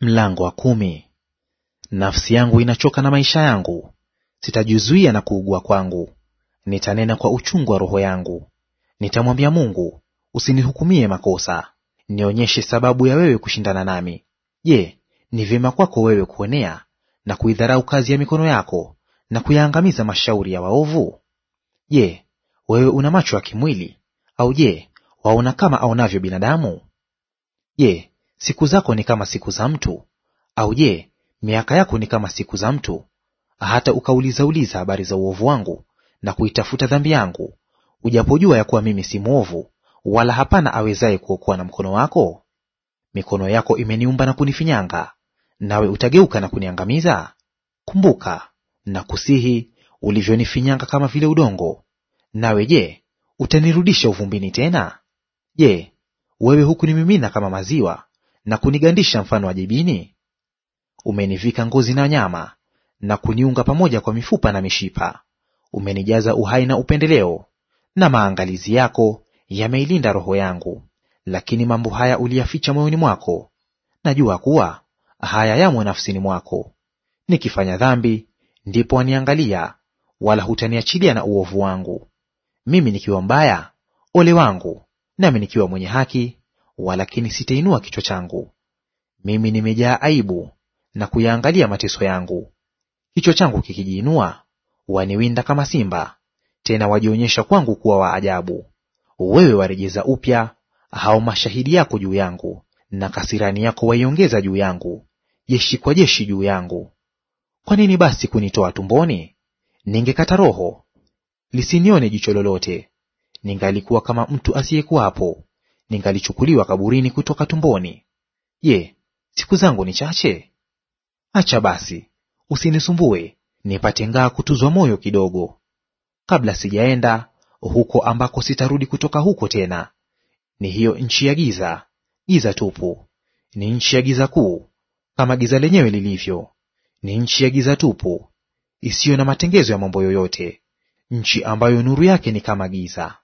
Mlango wa kumi. Nafsi yangu inachoka na maisha yangu, sitajizuia na kuugua kwangu. Nitanena kwa uchungu wa roho yangu, nitamwambia Mungu, usinihukumie makosa, nionyeshe sababu ya wewe kushindana nami. Je, ni vyema kwako wewe kuonea na kuidharau kazi ya mikono yako na kuyaangamiza mashauri ya waovu? Je, wewe una macho ya kimwili au je, waona kama aonavyo binadamu? Je, Siku zako ni kama siku za mtu, au je, miaka yako ni kama siku za mtu, hata ukaulizauliza habari za uovu wangu na kuitafuta dhambi yangu, ujapojua ya kuwa mimi si mwovu, wala hapana awezaye kuokoa na mkono wako? Mikono yako imeniumba na kunifinyanga, nawe utageuka na kuniangamiza? Kumbuka na kusihi ulivyonifinyanga kama vile udongo, nawe je, utanirudisha uvumbini tena? Je, wewe hukunimimina kama maziwa na kunigandisha mfano wa jibini? Umenivika ngozi na nyama, na kuniunga pamoja kwa mifupa na mishipa. Umenijaza uhai na upendeleo, na maangalizi yako yameilinda roho yangu. Lakini mambo haya uliyaficha moyoni mwako, najua kuwa haya yamo nafsini mwako. Nikifanya dhambi, ndipo waniangalia, wala hutaniachilia na uovu wangu. Mimi nikiwa mbaya, ole wangu; nami nikiwa mwenye haki, walakini sitainua kichwa changu. Mimi nimejaa aibu na kuyaangalia mateso yangu. Kichwa changu kikijiinua, waniwinda kama simba, tena wajionyesha kwangu kuwa wa ajabu. Wewe warejeza upya hao mashahidi yako juu yangu, na kasirani yako waiongeza juu yangu, jeshi kwa jeshi juu yangu. Kwa nini basi kunitoa tumboni? Ningekata roho, lisinione jicho lolote. Ningalikuwa kama mtu asiyekuwapo, ningalichukuliwa kaburini kutoka tumboni. Je, siku zangu ni chache? Acha basi, usinisumbue, nipate ngaa kutuzwa moyo kidogo, kabla sijaenda huko ambako sitarudi kutoka huko tena. Ni hiyo nchi ya giza, giza tupu; ni nchi ya giza kuu, kama giza lenyewe lilivyo; ni nchi ya giza tupu, isiyo na matengezo ya mambo yoyote, nchi ambayo nuru yake ni kama giza.